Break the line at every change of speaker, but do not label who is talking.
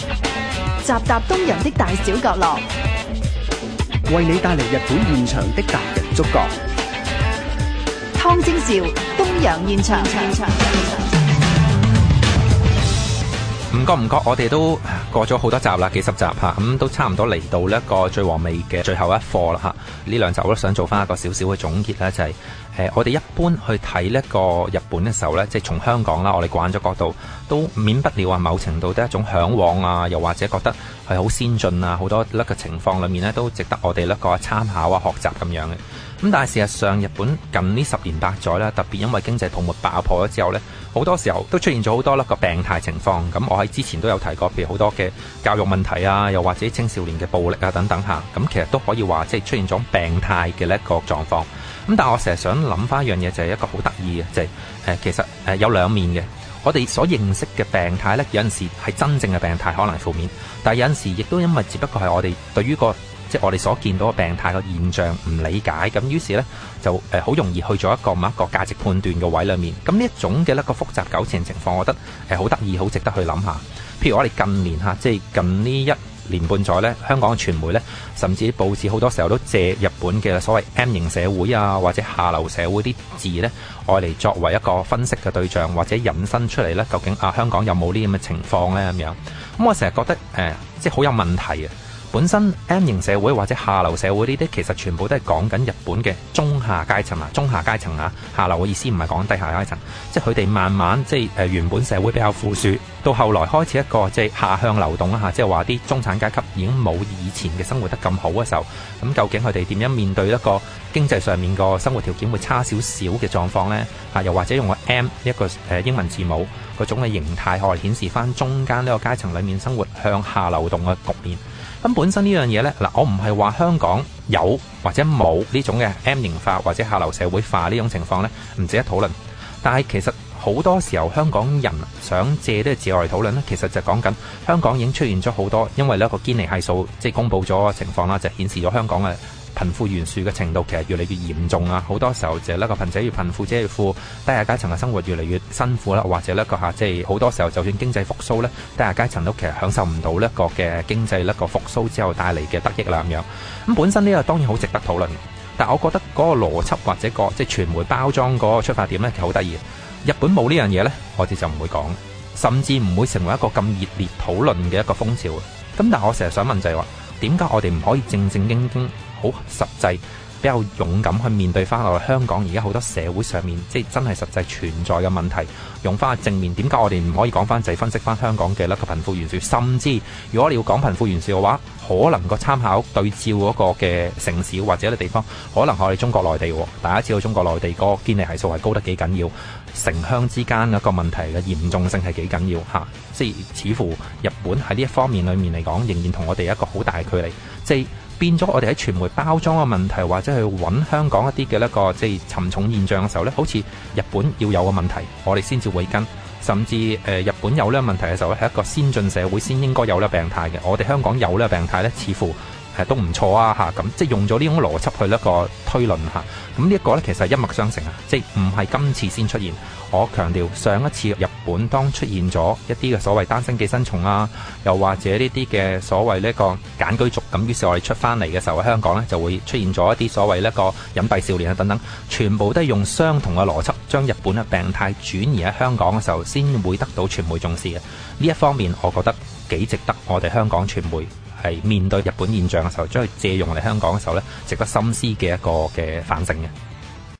集集東洋的大小角落，為你帶嚟日本現場的達人觸角。湯禎兆，東洋現場。唔覺唔覺，我哋都過咗好多集啦，幾十集吓，咁都差唔多嚟到呢一個最和味嘅最後一課啦吓。呢兩集我都想做翻一個少少嘅總結啦，就係、是。誒，我哋一般去睇呢一個日本嘅時候呢，即係從香港啦，我哋慣咗角度都免不了話，某程度都係一種向往啊，又或者覺得係好先進啊，好多粒嘅情況裏面呢，都值得我哋粒個參考啊、學習咁樣嘅。咁但係事實上，日本近呢十年八載啦，特別因為經濟泡沫爆破咗之後呢，好多時候都出現咗好多粒個病態情況。咁我喺之前都有提過，譬如好多嘅教育問題啊，又或者青少年嘅暴力啊等等吓，咁其實都可以話即係出現種病態嘅呢一個狀況。咁但係我成日想。諗翻一樣嘢就係、是、一個好得意嘅，就係、是、誒，其實誒有兩面嘅。我哋所認識嘅病態呢，有陣時係真正嘅病態，可能係負面，但係有陣時亦都因為只不過係我哋對於個即係、就是、我哋所見到嘅病態個現象唔理解，咁於是呢，就誒好容易去咗一個某一個價值判斷嘅位裏面。咁呢一種嘅一個複雜糾纏情況，我覺得係好得意，好值得去諗下。譬如我哋近年吓，即、就、係、是、近呢一。連年半載咧，香港嘅傳媒咧，甚至報紙好多時候都借日本嘅所謂 M 型社會啊，或者下流社會啲字咧，用嚟作為一個分析嘅對象，或者引申出嚟咧，究竟啊香港有冇呢啲咁嘅情況呢？咁樣咁我成日覺得誒，即係好有問題啊！本身 M 型社會或者下流社會呢啲，其實全部都係講緊日本嘅中下階層啊。中下階層啊，下流嘅意思唔係講低下階層，即係佢哋慢慢即係誒原本社會比較富庶，到後來開始一個即係下向流動啊。嚇，即係話啲中產階級已經冇以前嘅生活得咁好嘅時候，咁究竟佢哋點樣面對一個經濟上面個生活條件會差少少嘅狀況呢？嚇，又或者用個 M 一個誒英文字母個種嘅形態，可以顯示翻中間呢個階層裏面生活向下流動嘅局面。咁本身呢樣嘢咧，嗱，我唔係話香港有或者冇呢種嘅 M 型化或者下流社會化呢種情況咧，唔值得討論。但係其實好多時候香港人想借呢個字眼嚟討論咧，其實就講緊香港已經出現咗好多，因為呢個堅尼系數即係公布咗嘅情況啦，就顯示咗香港嘅。貧富懸殊嘅程度其實越嚟越嚴重啊！好多時候就係呢個貧者越貧富者越富，低下階層嘅生活越嚟越辛苦啦。或者呢個下即係好多時候，就算經濟復甦呢，低下階層都其實享受唔到呢個嘅經濟呢個復甦之後帶嚟嘅得益啦。咁樣咁本身呢個當然好值得討論，但係我覺得嗰個邏輯或者個即係傳媒包裝嗰個出發點呢，其實好得意。日本冇呢樣嘢呢，我哋就唔會講，甚至唔會成為一個咁熱烈討論嘅一個風潮。咁但係我成日想問就係話，點解我哋唔可以正正經經？好實際，比較勇敢去面對翻我哋香港而家好多社會上面，即係真係實際存在嘅問題，用翻正面。點解我哋唔可以講翻就係、係、分析翻香港嘅咧？個貧富懸殊，甚至如果你要講貧富懸殊嘅話，可能個參考對照嗰個嘅城市或者啲地方，可能係我哋中國內地。大家知道中國內地個堅尼系數係高得幾緊要，城鄉之間一個問題嘅嚴重性係幾緊要吓、啊，即似乎日本喺呢一方面裏面嚟講，仍然同我哋一個好大嘅距離。即係變咗我哋喺傳媒包裝嘅問題，或者去揾香港一啲嘅一個即係、就是、沉重現象嘅時候呢，好似日本要有嘅問題，我哋先至會跟，甚至誒日本有呢個問題嘅時候呢，係一個先進社會先應該有呢個病態嘅，我哋香港有呢個病態呢，似乎。係都唔錯啊！咁、嗯、即係用咗呢種邏輯去一個推論咁呢一個呢，其實一脈相承啊！即係唔係今次先出現，我強調上一次日本當出現咗一啲嘅所謂單身寄生蟲啊，又或者呢啲嘅所謂呢個簡居族，咁於是我哋出翻嚟嘅時候，喺香港呢，就會出現咗一啲所謂呢個隱蔽少年啊等等，全部都係用相同嘅邏輯，將日本嘅病態轉移喺香港嘅時候，先會得到傳媒重視嘅。呢一方面，我覺得幾值得我哋香港傳媒。係面對日本現象嘅時候，將佢借用嚟香港嘅時候呢，值得深思嘅一個嘅反省嘅。